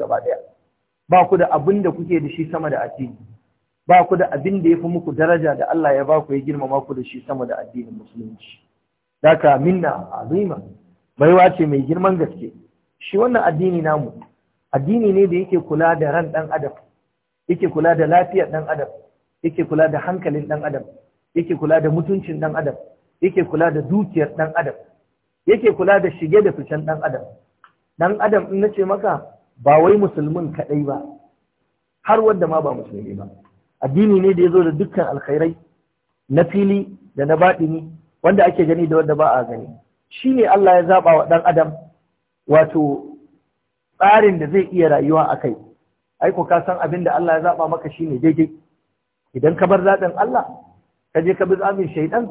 gaba ɗaya. ba ku da abin da kuke da shi sama da addini ba ku da abin da ya fi muku daraja da Allah ya ba ku ya girmama ku da shi sama da addinin musulunci daka minna azima baiwa ce mai girman gaske shi wannan addini namu addini ne da yake kula da ran ɗan adam yake kula da lafiyar ɗan adam yake kula da hankalin ɗan adam yake kula da mutuncin ɗan adam yake kula da dukiyar ɗan adam yake kula da shige da ficen ɗan adam dan adam in na ce maka ba wai musulmin kaɗai ba har wanda ma ba musulmi ba addini ne da ya zo da dukkan alkhairai na fili da na baɗini wanda ake gani da wanda ba a gani shi ne Allah ya zaɓa wa ɗan adam wato tsarin da zai iya rayuwa a kai aiko ka san abin da Allah ya zaɓa maka shi ne daidai idan ka bar zaɓin Allah ka je ka bi zaɓin shaidan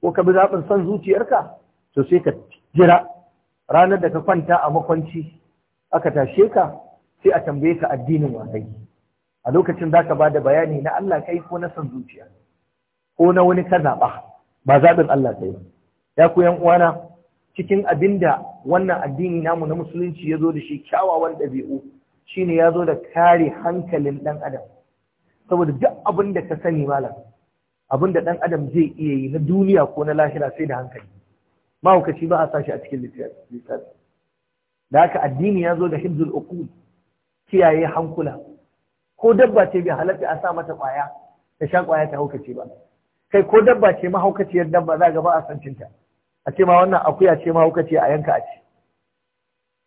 ko ka bi zaɓin son zuciyarka to sai ka jira ranar da ka kwanta a makwanci aka tashe ka sai a tambaye ka addinin wasai a lokacin za ka ba da bayani na Allah kai ko na son zuciya ko na wani ka zaɓa ba zaɓin Allah kai ba ya ku yan uwana cikin abinda wannan addini namu na musulunci ya zo da shi kyawawan ɗabi'u shine ya zo da kare hankalin ɗan adam saboda duk abin da ka sani malam abin da ɗan adam zai iya yi na duniya ko na lahira sai da hankali mahaukaci ba a sashi a cikin littafi da haka addini ya zo da hibzul uqul kiyaye hankula ko dabba ce bai halatta a sa mata kwaya ta sha kwaya ta haukace ba kai ko dabba ce mahaukaciyar dabba za ga ba a san cinta a ce ma wannan akuya ce mahaukaciya a yanka a ci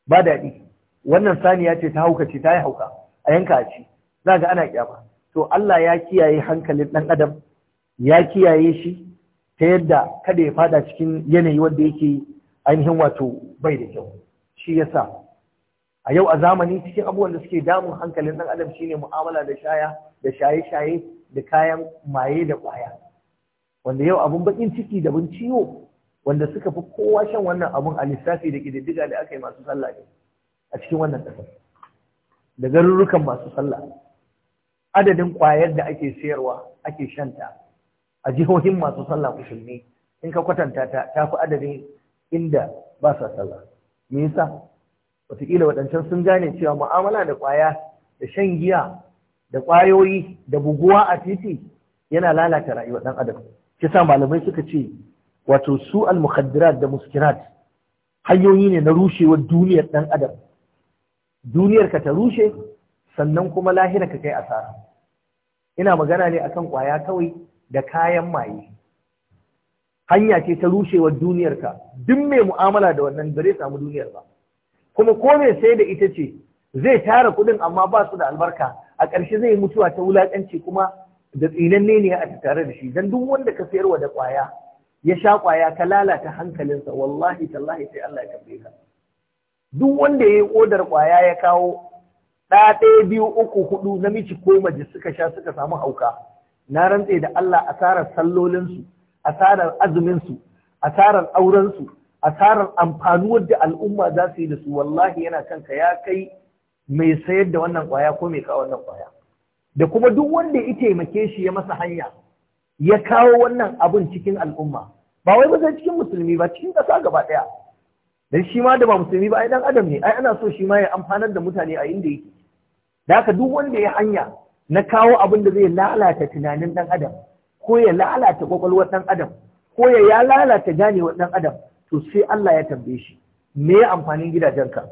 ba daɗi wannan saniya ce ta haukace ta yi hauka a yanka a ci za ga ana kyama to Allah ya kiyaye hankalin ɗan adam ya kiyaye shi ta yadda kada ya fada cikin yanayi wanda yake ainihin wato bai da kyau shi yasa a yau a zamani cikin abubuwan da suke damun hankalin ɗan adam shine mu'amala da shaya da shaye-shaye da kayan maye da ƙwaya wanda yau abun bakin ciki da bin ciwo wanda suka fi kowa shan wannan abun a lissafi da ƙididdiga da aka yi masu sallah ne a cikin wannan ƙasar da garurrukan masu sallah adadin ƙwayar da ake sayarwa ake shanta a jihohin masu sallah musulmi in ka kwatanta ta ta fi adadin inda ba sa sallah me yasa wataƙila waɗancan sun gane cewa mu'amala da ƙwaya da shan giya da ƙwayoyi da buguwa a titi yana lalata rayuwar ɗan adam shi sa malamai suka ce wato su al da muskirat hanyoyi ne na rushewar duniyar ɗan adam duniyar ka ta rushe sannan kuma lahira ka kai asara ina magana ne akan ƙwaya kawai da kayan maye hanya ce ta rushewar duniyarka duk mai mu'amala da wannan ba zai samu duniyar ba kuma ko mai sai da ita ce zai tara kuɗin amma ba su da albarka a ƙarshe zai mutuwa ta wulaƙanci kuma da tsinanne ne a tare da shi dan duk wanda ka sayar wa da ƙwaya ya sha ƙwaya ka lalata hankalinsa wallahi tallahi sai Allah ya tambaye ka duk wanda ya yi odar ƙwaya ya kawo Ɗa ɗaya biyu uku hudu namiji ko mace suka sha suka samu hauka na rantse da Allah asarar sallolinsu asarar azuminsu asarar aurensu asarar amfanuwar da al'umma za su yi da su wallahi yana kanka ya kai mai sayar da wannan kwaya ko mai kawo wannan kwaya da kuma duk wanda ya taimake shi ya masa hanya ya kawo wannan abin cikin al'umma ba wai ba cikin musulmi ba cikin ƙasa gaba ɗaya dan shi ma da ba musulmi ba ai dan adam ne ai ana so shi ma ya amfanar da mutane a inda yake da haka duk wanda ya hanya na kawo abin da zai lalata tunanin ɗan adam ko ya lalata kwakwalwar ɗan adam ko ya ya lalata ganewar ɗan adam to sai Allah ya tambaye shi me amfanin gidajenka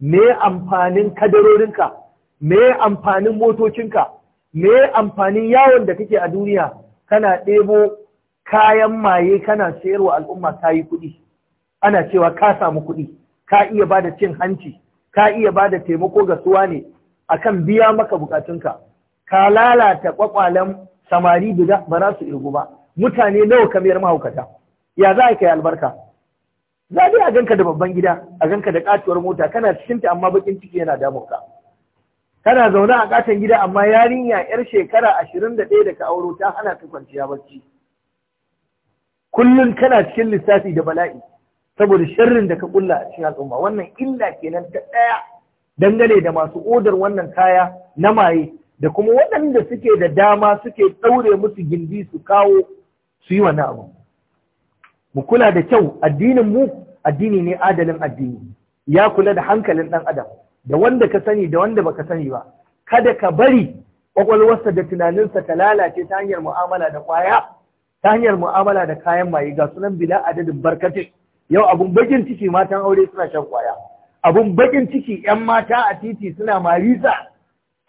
me amfanin kadarorinka me amfanin motocinka me amfanin yawon da kake a duniya kana ɗebo kayan maye kana sayarwa al'umma ta yi kuɗi ana cewa ka samu kuɗi ka iya ba da cin hanci ka iya ba da taimako ga suwa ne akan biya maka bukatunka ka lalata kwakwalen samari guda ba za su irgu ba mutane nawa kamar mahaukata ya za ka yi albarka za a ganka da babban gida a ganka da katuwar mota kana cikin ta amma bakin ciki yana damuka kana zaune a katon gida amma yarinya yar shekara ashirin da ɗaya da ka auro ta hana ka kwanciya barci kullum kana cikin lissafi da bala'i saboda sharrin da ka ƙulla a cikin al'umma wannan illa kenan ta ɗaya dangane da masu odar wannan kaya na maye da kuma waɗanda suke da dama suke ɗaure musu gindi su kawo su yi wani abu mu kula da kyau addinin mu addini ne adalin addini ya kula da hankalin ɗan adam da wanda ka sani da wanda baka sani ba kada ka bari ƙwaƙwalwarsa da tunaninsa ta lalace ta hanyar mu'amala da kwaya ta hanyar mu'amala da kayan maye ga sunan bila adadin barkatin yau abun bakin ciki matan aure suna shan ƙwaya. abun bakin ciki yan mata a titi suna marisa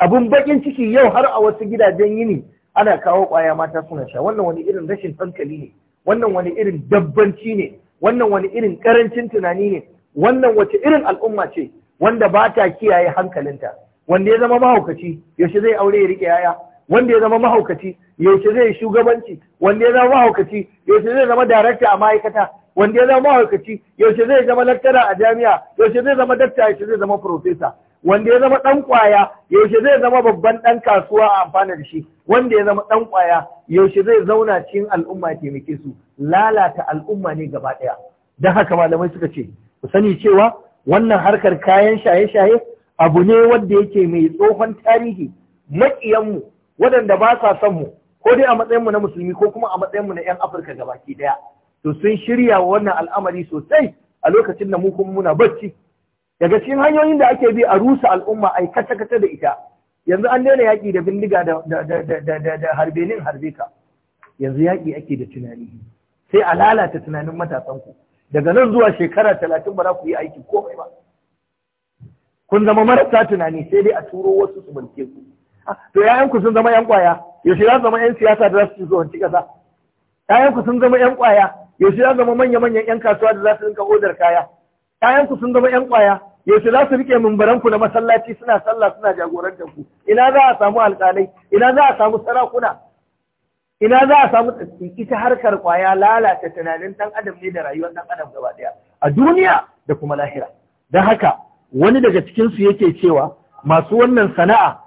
abun bakin ciki yau har a wasu gidajen yini ana kawo kwaya mata suna sha wannan wani irin rashin hankali ne wannan wani irin dabbanci ne wannan wani irin karancin tunani ne wannan wace irin al'umma ce wanda ba ta kiyaye hankalinta wanda ya zama mahaukaci yaushe zai aure ya rike yaya wanda ya zama mahaukaci yaushe zai shugabanci wanda ya zama mahaukaci yaushe zai zama darakta a ma'aikata wanda ya zama mahaukaci yaushe zai zama lattara a jami'a yaushe zai zama dakta yaushe zai zama profesa wanda ya zama ɗan ƙwaya yaushe zai zama babban ɗan kasuwa a amfana da shi wanda ya zama ɗan ƙwaya yaushe zai zauna cikin al'umma ya taimake su lalata al'umma ne gaba ɗaya don haka malamai suka ce ku sani cewa wannan harkar kayan shaye-shaye abu ne wanda yake mai tsohon tarihi mu waɗanda ba sa son mu ko dai a matsayin matsayinmu na musulmi ko kuma a matsayinmu na 'yan afirka gabaki ɗaya to sun shirya wannan al'amari sosai a lokacin da mu kuma muna bacci daga cikin hanyoyin da ake bi a rusa al'umma ai kata kata da ita yanzu an daina yaƙi da bindiga da harbenin harbe ka yanzu yaƙi ake da tunani sai a lalata tunanin matasanku daga nan zuwa shekara talatin ba za ku yi aiki komai ba kun zama marasa tunani sai dai a turo wasu su mulke ku ah, to ku sun zama 'yan ƙwaya yaushe za su zama 'yan siyasa da za su ci zuwanci ƙasa ku sun zama 'yan ƙwaya yaushe za su zama manya-manyan 'yan kasuwa da za su rinka odar kaya ƴaƴanku sun zama ƴan ƙwaya yaushe za su rike mumbaranku na masallaci suna sallah suna jagorantar ku ina za a samu alƙalai ina za a samu sarakuna ina za a samu ita harkar ƙwaya lalata tunanin ɗan adam ne da rayuwar ɗan adam gaba ɗaya a duniya da kuma lahira don haka wani daga cikinsu yake cewa masu wannan sana'a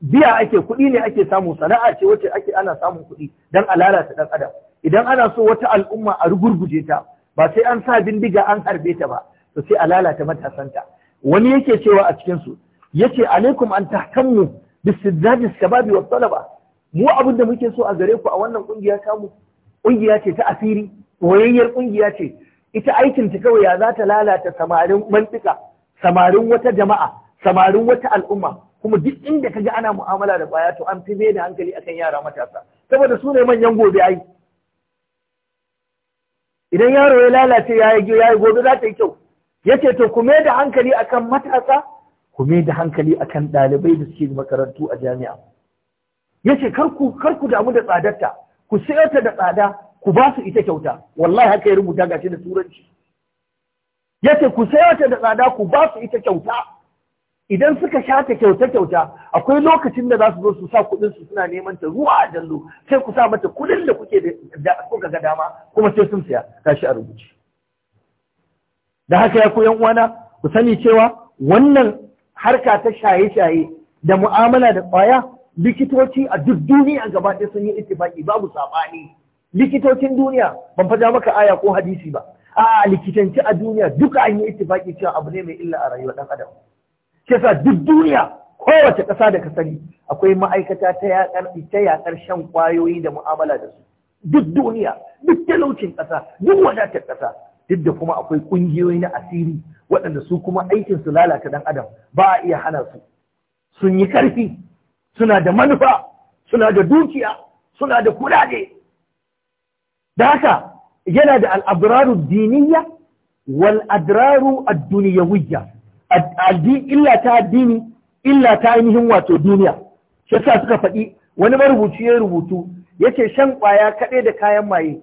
biya ake kuɗi ne ake samu sana'a ce wacce ake ana samun kuɗi don a lalata ɗan adam idan ana so wata al'umma a rugurguje ta ba sai an sa bindiga an harbe ta ba to sai a lalata matasanta wani yake cewa a cikin su yace alaikum an tahkammu bisiddadi shababi wa talaba mu abin da muke so a gare ku a wannan kungiya tamu kungiya ce ta asiri koyayyar kungiya ce ita aikin ta kawai ya za ta lalata samarin mantika samarin wata jama'a samarin wata al'umma kuma duk inda ka ga ana mu'amala da kwaya to an fi mai da hankali akan yara matasa saboda su ne manyan gobe ai idan yaro ya lalace ya yi gobe za ta yi kyau yace to ku da hankali akan matasa ku da hankali akan ɗalibai da suke makarantu a jami'a yace kar ku kar ku damu da tsadarta ku sayar da tsada ku ba su ita kyauta wallahi haka ya rubuta gashi da turanci yace ku sayar da tsada ku ba su ita kyauta idan suka shata kyauta-kyauta akwai lokacin da za su zo su sa kuɗin su suna neman ta ruwa a jallo sai ku sa mata kuɗin da kuke da kuka ga dama kuma sai sun siya gashi a rubuce da haka ya ku uwana ku sani cewa wannan harka ta shaye-shaye da mu'amala da ƙwaya likitoci a duk duniya gaba ɗaya sun yi ittifaki babu saɓani likitocin duniya ban faja maka aya ko hadisi ba a likitanci a duniya duka an yi ittifaki cewa abu ne mai illa a rayuwar ɗan adam ke sa duk duniya kowace ƙasa da ka sani akwai ma'aikata ta yaƙar ta yaƙar shan ƙwayoyi da mu'amala da su duk duniya duk talaucin ƙasa duk wadatar ƙasa duk da kuma akwai ƙungiyoyi na asiri waɗanda su kuma aikin su lalata ɗan adam ba a iya hana su sun yi ƙarfi suna da manufa suna da dukiya suna da kudade da haka yana da al'abraru diniya wal adraru ad-duniyawiyya illa ta addini illa ta ainihin wato duniya shi yasa suka faɗi wani marubuci ya rubutu yace shan kwaya kaɗai da kayan maye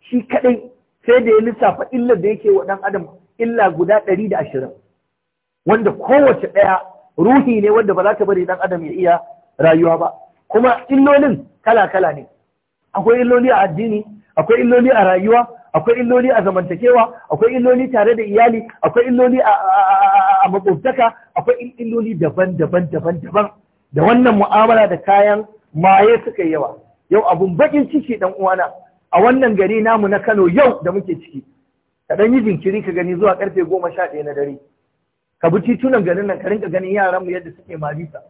shi kaɗai sai da ya lissafa illar da yake wa ɗan adam illa guda ɗari da ashirin wanda kowace ɗaya ruhi ne wanda ba za ta bari ɗan adam ya iya rayuwa ba kuma illolin kala-kala ne akwai illoli a addini akwai illoli a rayuwa akwai illoli a zamantakewa akwai illoli tare da iyali akwai illoli a maƙwabtaka akwai illoli daban-daban daban-daban da wannan mu'amala da kayan maye suka yawa yau abun bakin ciki ɗan uwana a wannan gari namu na Kano yau da muke ciki ka dan yi jinkiri ka gani zuwa karfe goma sha ɗaya na dare ka bi titunan garin nan ka rinka ganin yaran mu yadda suke malisa.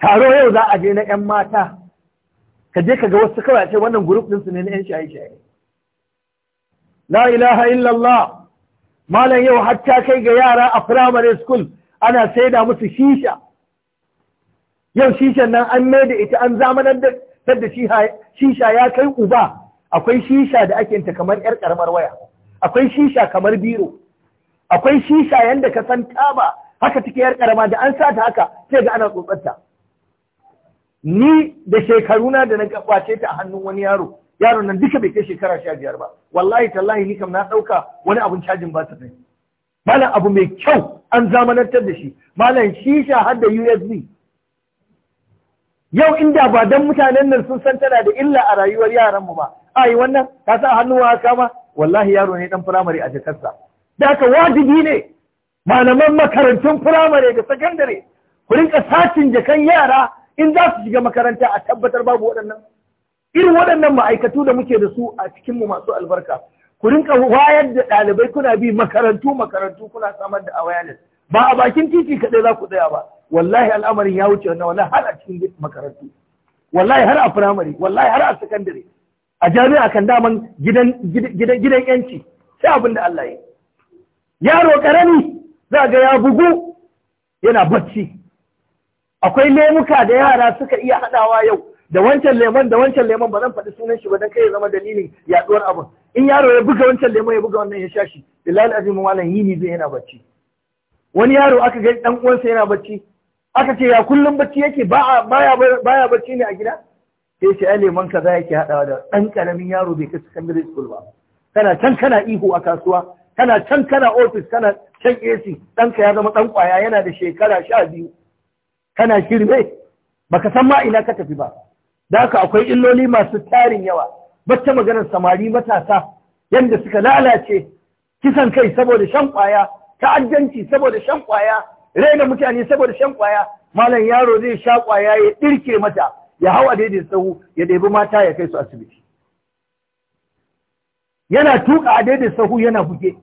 taro yau za a je na yan mata ka je ka ga wasu kawai ce wannan group din su ne na yan shaye-shaye la ilaha illallah malam yau hatta kai ga yara a primary school ana saida musu shisha yau shishan nan an mai da ita an zamanar da sadda shisha ya kai uba akwai shisha da ake ta kamar yar karamar waya akwai shisha kamar biro akwai shisha yanda ka san taba haka take yar karama da an sata haka sai ga ana tsotsarta ni da shekaruna da na kwace ta a hannun wani yaro yaron nan duka bai kai shekara sha biyar ba wallahi tallahi ni kam na ɗauka wani abun cajin ba ta ne malam abu mai kyau an zamanantar da shi malam shisha har da usb yau inda ba dan mutanen nan sun san tana da illa a rayuwar yaran mu ba ai wannan ta sa hannu a kama wallahi yaro ne dan firamare a jakarsa da ka wajibi ne malaman makarantun firamare da sakandare ku rinka satin jakan yara in za su shiga makaranta a tabbatar babu waɗannan irin waɗannan ma'aikatu da muke da su a cikin masu albarka ku rinka wayar da ɗalibai kuna bi makarantu makarantu kuna samar da awareness ba a bakin titi kaɗai za ku tsaya ba wallahi al'amarin ya wuce wannan wallahi har a cikin makarantu wallahi har a firamare wallahi har a sakandare a jami'a kan daman gidan gidan yanci sai abin da Allah ya yaro karami za ga ya bugu yana bacci akwai lemuka da yara suka iya haɗawa yau da wancan lemon da wancan lemon ba zan faɗi sunan shi ba dan kai ya zama dalilin yaɗuwar abin in yaro ya buga wancan lemon ya buga wannan ya sha shi billahi azim malam yini zai yana bacci wani yaro aka ga dan uwansa yana bacci aka ce ya kullum bacci yake baya bacci ne a gida sai shi ai leman kaza yake haɗawa da ɗan ƙaramin yaro bai kai secondary school ba kana can kana ihu a kasuwa kana can kana ofis kana can AC ɗanka ya zama ɗan ƙwaya yana da shekara sha biyu kana shirme baka san ma ina ka tafi ba da haka akwai illoli masu tarin yawa bata maganar samari matasa yadda suka lalace kisan kai saboda shan ƙwaya ta'addanci saboda shan ƙwaya raina mutane saboda shan kwaya malam yaro zai sha kwaya ya dirke mata ya hawa daidai sahu ya ɗebi mata ya kai su asibiti yana tuka a daidai sahu yana buge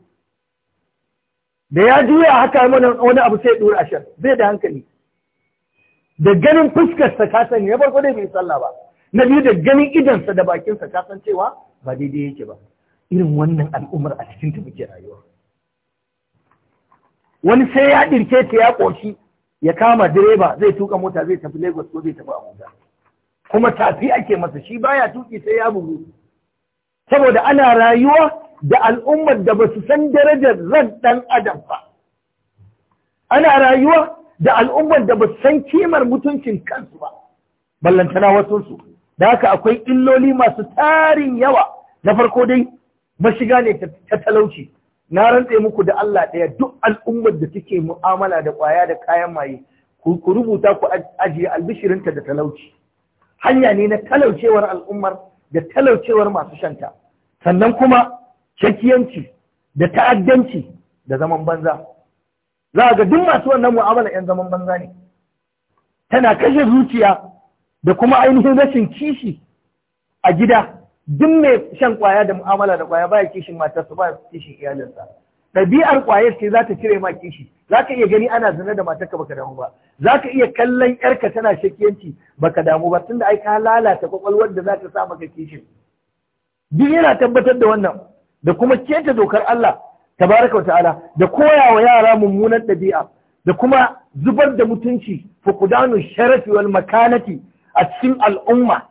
da ya juya haka mana wani abu sai dora ashar zai da hankali da ganin fuskarsa ka sani ya farko dai bai sallah ba na biyu da ganin idansa da bakinsa ka san cewa ba daidai yake ba irin wannan al'ummar a cikin ta muke rayuwa wani sai ya ɗirke ta ya ƙoshi ya kama direba zai tuka mota zai tafi lagos ko zai tafi abuja kuma tafi ake masa shi baya tuki sai ya bugu saboda ana rayuwa da al'ummar da ba su san darajar zan ɗan adam ba ana rayuwa da al'ummar da ba su san kimar mutuncin kansu ba ballantana wasunsu da haka akwai illoli masu tarin yawa na farko dai mashiga ne ta talauci na rantse muku da Allah ɗaya duk al'ummar da suke mu'amala da ƙwaya da kayan maye ku rubuta ku ajiye albishirinta da talauci hanya ne na talaucewar al'ummar da talaucewar masu shanta sannan kuma cakiyanci da ta'addanci da zaman banza za ga duk masu wannan mu'amala 'yan zaman banza ne tana kashe zuciya da kuma ainihin rashin kishi a gida duk mai shan kwaya da mu'amala da kwaya baya kishin matarsa ba kishin iyalinsa ɗabi'ar kwayar ce za ta cire ma kishi za ka iya gani ana zina da matarka baka damu ba za ka iya kallon yarka tana shakiyanci baka damu ba tunda ai ka lalata kwakwalwar da za ta sa maka kishin duk yana tabbatar da wannan da kuma keta dokar Allah tabaraka ta'ala da koya wa yara mummunan ɗabi'a da kuma zubar da mutunci fukudanu sharafi makanati a cikin al'umma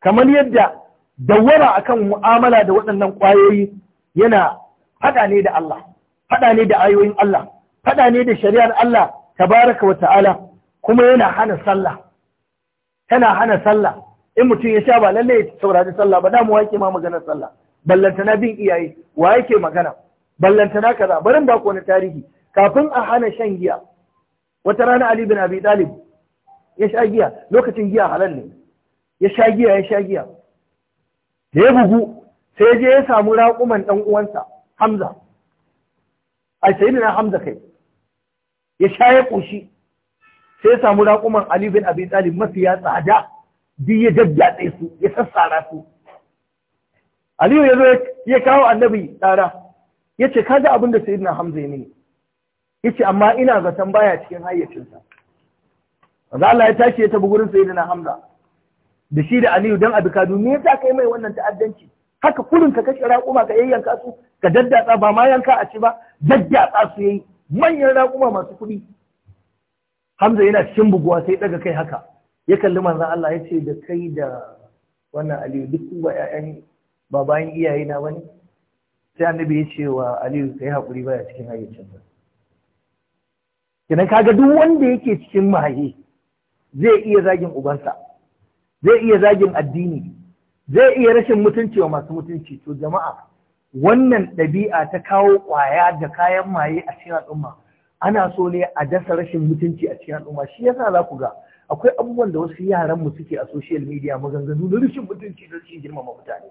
kamar yadda dawwara akan mu'amala da waɗannan ƙwayoyi yana faɗa ne da Allah faɗa ne da ayoyin Allah faɗa ne da shari'ar Allah tabaraka wa ta'ala kuma yana hana sallah tana hana sallah in mutum ya sha ba lalle ya saurari sallah ba da mu wake ma maganar sallah ballantana bin iyaye wa yake magana ballantana kaza barin ba wani tarihi kafin a hana shan giya wata rana Ali bin Abi Talib ya sha giya lokacin giya halal ne ya sha giya ya sha giya da ya bugu sai je ya samu raƙuman ɗan uwansa Hamza a sayyidina Hamza kai ya sha ya ƙoshi sai ya samu raƙuman Ali bin Abi Talib ya tsada bi ya jajjatse su ya sassara su Aliyu ya zo ya kawo annabi tsara ya ce kaga abin da sayyidina Hamza ya mini ya ce amma ina zaton baya cikin hayyacinsa Maza Allah ya tashi ya tabi gurin sayyidina Hamza da shi da Aliyu dan abi kadu me yasa kai mai wannan ta'addanci haka kurin ka kashe raƙuma ka yayyanka su ka daddatsa ba ma yanka a ci ba daddatsa su yayi manyan raƙuma masu kuɗi Hamza yana cikin buguwa sai daga kai haka ya kalli manzon Allah ya ce da kai da wannan Aliyu duk ba ƴaƴan iyaye na bane sai annabi ya ce wa Aliyu kai hakuri baya cikin hayyacinsa kenan kaga duk wanda yake cikin maye zai iya zagin ubansa zai iya zagin addini zai iya rashin mutunci wa masu mutunci to jama'a wannan ɗabi'a ta kawo ƙwaya da kayan maye a cikin al'umma ana so ne a dasa rashin mutunci a cikin al'umma shi yasa za ku ga akwai abubuwan da wasu yaran mu suke a social media maganganu na rashin mutunci da rashin girmama mutane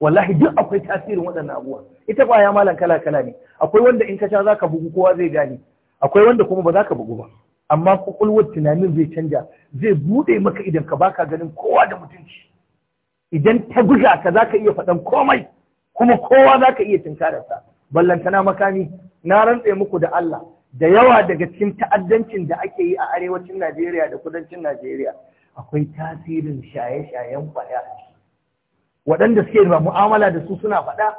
wallahi duk akwai tasirin waɗannan abubuwan ita ƙwaya malam kala kala ne akwai wanda in ka sha zaka bugu kowa zai gane akwai wanda kuma ba za ka bugu ba amma kwakwalwar tunanin zai canja zai bude maka idan ka baka ganin kowa da mutunci idan ta guga ka za ka iya faɗan komai kuma kowa za ka iya sa ballantana makami na rantse muku da Allah da yawa daga cikin ta'addancin da ake yi a arewacin Najeriya da kudancin Najeriya akwai tasirin shaye-shayen kwaya waɗanda suke da mu'amala da su suna faɗa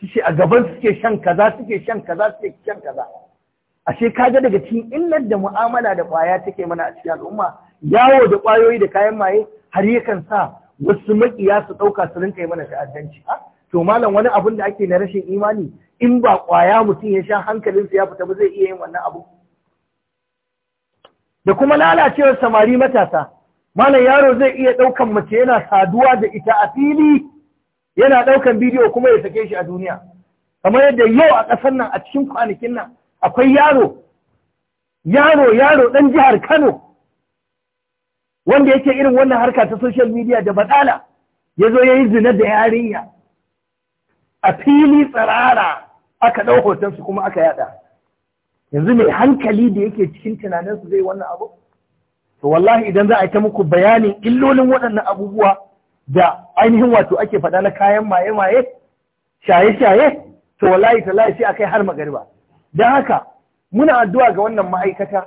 su a gaban suke shan kaza suke shan kaza suke shan kaza ashe kaga daga cikin illar da mu'amala da ƙwaya take mana a cikin al'umma yawo da kwayoyi, da kayan maye har yakan sa wasu maƙiya su ɗauka su rinka yi mana ta'addanci a ah, to malam wani abun da ake na rashin imani in ba ƙwaya mutum ya sha hankalinsa ya fita ba zai iya yin wannan abu da kuma lalacewar samari matasa malam yaro zai iya ɗaukan mace yana saduwa da ita a fili yana ɗaukan bidiyo kuma ya sake shi a duniya kamar yadda yau a ƙasar nan a cikin kwanakin nan akwai yaro yaro yaro ɗan jihar Kano wanda yake irin wannan harka ta social media da baɗala ya zo ya yi zina da yarinya a fili tsarara aka ɗau hotonsu kuma aka yada yanzu mai hankali da yake cikin tunaninsu zai wannan abu to wallahi idan za a yi ta muku bayanin illolin waɗannan abubuwa da ainihin wato ake faɗa na kayan maye-maye shaye-shaye to wallahi ta sai a kai har magariba don haka muna addu'a ga wannan ma'aikata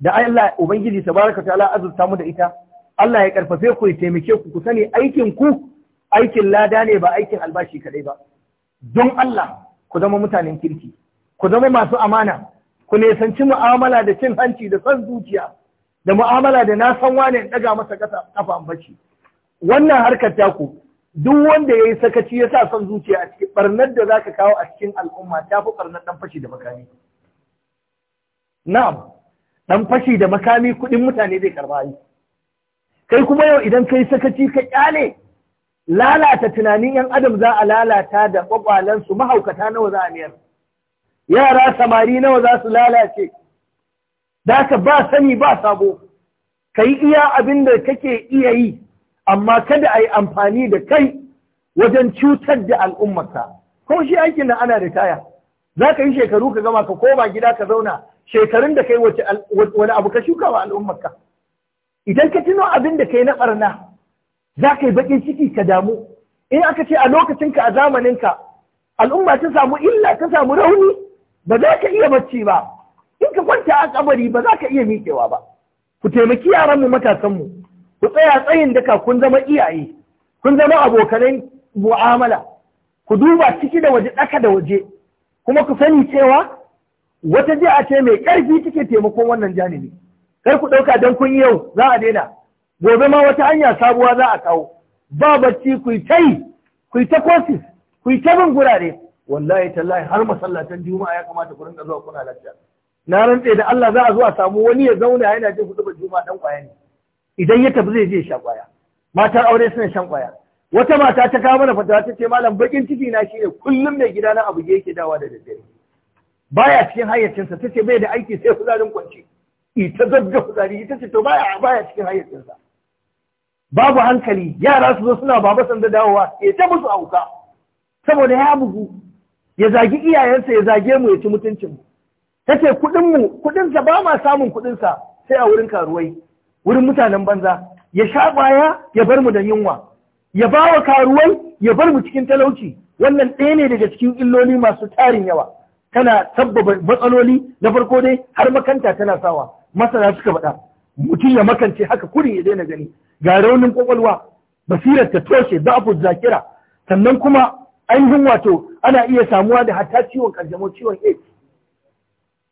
da Allah ubangiji ta ta ala azurta mu da ita Allah ya karfafe ku ya taimake ku ku sani aikin ku aikin lada ne ba aikin albashi kaɗai ba don Allah ku zama mutanen kirki ku zama masu amana ku nesanci mu'amala da cin hanci da son zuciya da mu'amala da na san wane in daga masa ƙasa kafa ambaci. wannan harkar taku duk wanda ya yi sakaci ya sa son zuciya a cikin barnar da za ka kawo a cikin al'umma ta fi barnar ɗan fashi da makami. Na'am, ɗan fashi da makami kuɗin mutane zai karɓa yi. Kai kuma yau idan ka yi sakaci ka ƙyale lalata tunanin ‘yan adam za a lalata da ƙwaƙwalensu mahaukata nawa za a miyar. Yara samari nawa za su lalace. Da ka ba sani ba sabo, ka yi iya abin da kake iya yi amma kada a yi amfani da kai wajen cutar da al'ummarka ko shi aikin nan ana da taya za ka yi shekaru ka gama ka koma gida ka zauna shekarun da kai wani abu ka shuka wa al'ummarka idan ka tuno abin da kai na barna za ka yi bakin ciki ka damu in aka ce a lokacinka a zamaninka al'umma ta samu illa ta samu rauni ba za ka iya bacci ba in ka kwanta a kabari ba za ka iya miƙewa ba ku taimaki yaranmu matasanmu ku tsaya tsayin daka kun zama iyaye kun zama abokanai mu'amala ku duba ciki da waje ɗaka da waje kuma ku sani cewa wata jiya ce mai ƙarfi take taimakon wannan janibi kar ku ɗauka dan kun yau za a daina gobe ma wata hanya sabuwa za a kawo ba bacci ku yi ta yi ku yi ta kosis ku yi ta bin gurare wallahi tallahi har masallatan juma'a ya kamata ku rinka zuwa kuna lafiya na rantse da Allah za a zo a samu wani ya zauna yana ku zuba juma'a dan kwaya ne idan ya tafi zai je sha kwaya matar aure suna shan kwaya wata mata ta kawo mana fata ta ce malam bakin ciki na shine kullum mai gida na abu ya yake dawa da daddare baya cikin hayyacinsa ta ce bai da aiki sai kuzarin kwanci ita zagga kuzari ita ce to baya baya cikin hayyacinsa babu hankali yara su zo suna baba sanda dawowa ya ta musu auka saboda ya bugu ya zagi iyayensa ya zage mu ya ci mutuncin mu ta ce kuɗinsa ba ma samun kuɗinsa sai a wurin karuwai wurin mutanen banza ya sha baya ya bar mu da yunwa ya ba wa karuwai ya bar mu cikin talauci wannan ɗaya ne daga cikin illoli masu tarin yawa tana sabbaba matsaloli na farko dai har makanta tana sawa masana suka faɗa mutum ya makance haka kurin ya daina gani ga raunin kwakwalwa basirar ta toshe da'afu zakira sannan kuma ainihin wato ana iya samuwa da hatta ciwon kanjamau ciwon aids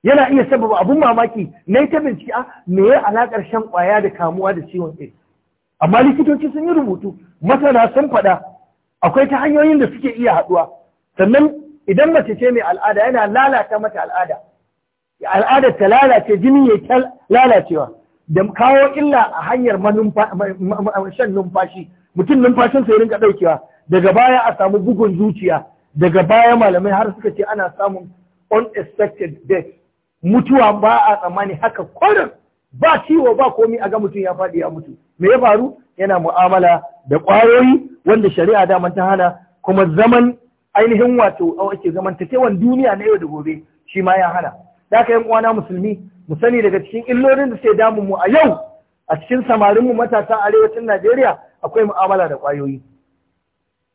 yana iya sababa abun mamaki na ita binciki a ah, me ya alakar shan kwaya da kamuwa da ciwon kai amma likitoci sun yi rubutu masana sun faɗa akwai ta hanyoyin da suke iya haɗuwa sannan idan mace ce mai al'ada yana lalata mata al'ada al'ada ta lalace jini ya lalacewa da kawo illa a hanyar shan numfashi mutum numfashin sai rinka ɗaukewa daga baya a samu bugun zuciya daga baya malamai har suka ce ana samun unexpected death mutuwa ba a tsammani haka kwarin ba ciwo ba komi a ga mutum ya faɗi ya mutu me ya faru yana mu'amala da ƙwayoyi wanda shari'a daman ta hana kuma zaman ainihin wato a wace zamantakewan duniya na yau da gobe shi ma ya hana da aka yan uwana musulmi mu sani daga cikin illolin da sai damun mu a yau a cikin samarin mu matasa arewacin Najeriya akwai mu'amala da ƙwayoyi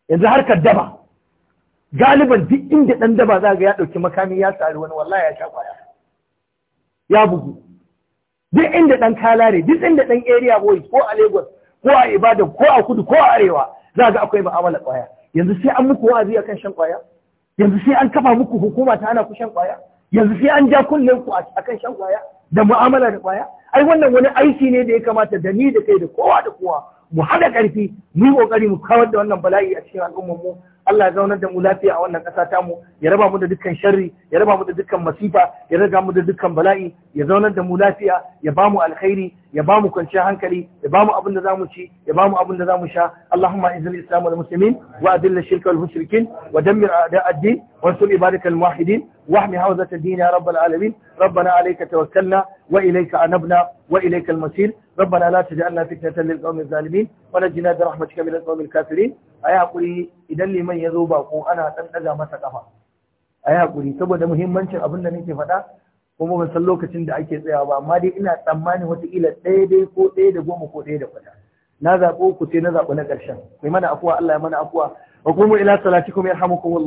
yanzu harkar daba galiban duk inda dan daba za ga ya ɗauki makami ya sari wani wallahi ya sha kwaya. ya bugu duk inda ɗan kalare duk inda ɗan area boys ko a Lagos ko a Ibadan ko a Kudu ko a Arewa za ga akwai ma'amala kwaya yanzu sai an muku wa'azi akan shan kwaya yanzu sai an kafa muku hukuma ta ana ku shan kwaya yanzu sai an ja kunnen ku akan shan kwaya da mu'amala da kwaya ai wannan wani aiki ne da ya kamata da ni da kai da kowa da kowa mu haɗa ƙarfi mu yi ƙoƙari mu kawar da wannan bala'i a cikin al'ummar mu Allah ya zaunar da mu lafiya a wannan ƙasa tamu ya raba mu da dukkan sharri ya raba mu da dukkan masifa ya raga mu da dukkan bala'i ya zaunar da mu lafiya ya ba mu alkhairi ya ba mu kwanciyar hankali ya ba mu abin da zamu ci ya ba mu abin da zamu sha Allahumma izil islam wal muslimin wa adil shirka wal mushrikin wa dammir a'da ad-din wa ansur ibadakal muwahhidin واحمي حوزة الدين يا رب العالمين ربنا عليك توكلنا وإليك أنبنا وإليك المصير ربنا لا تجعلنا فتنة للقوم الظالمين ونجنا برحمتك من القوم الكافرين a yi haƙuri idan liman ya zo ba ko ana ɗan ɗaga masa ƙafa a yi haƙuri saboda muhimmancin abin da nake faɗa kuma ban san lokacin da ake tsayawa ba amma dai ina tsammanin wataƙila ɗaya dai ko ɗaya da goma ko ɗaya da kwata na zaɓo ku sai na zaɓi na ƙarshen mai mana afuwa Allah ya mana afuwa wa kuma ila hamu kuma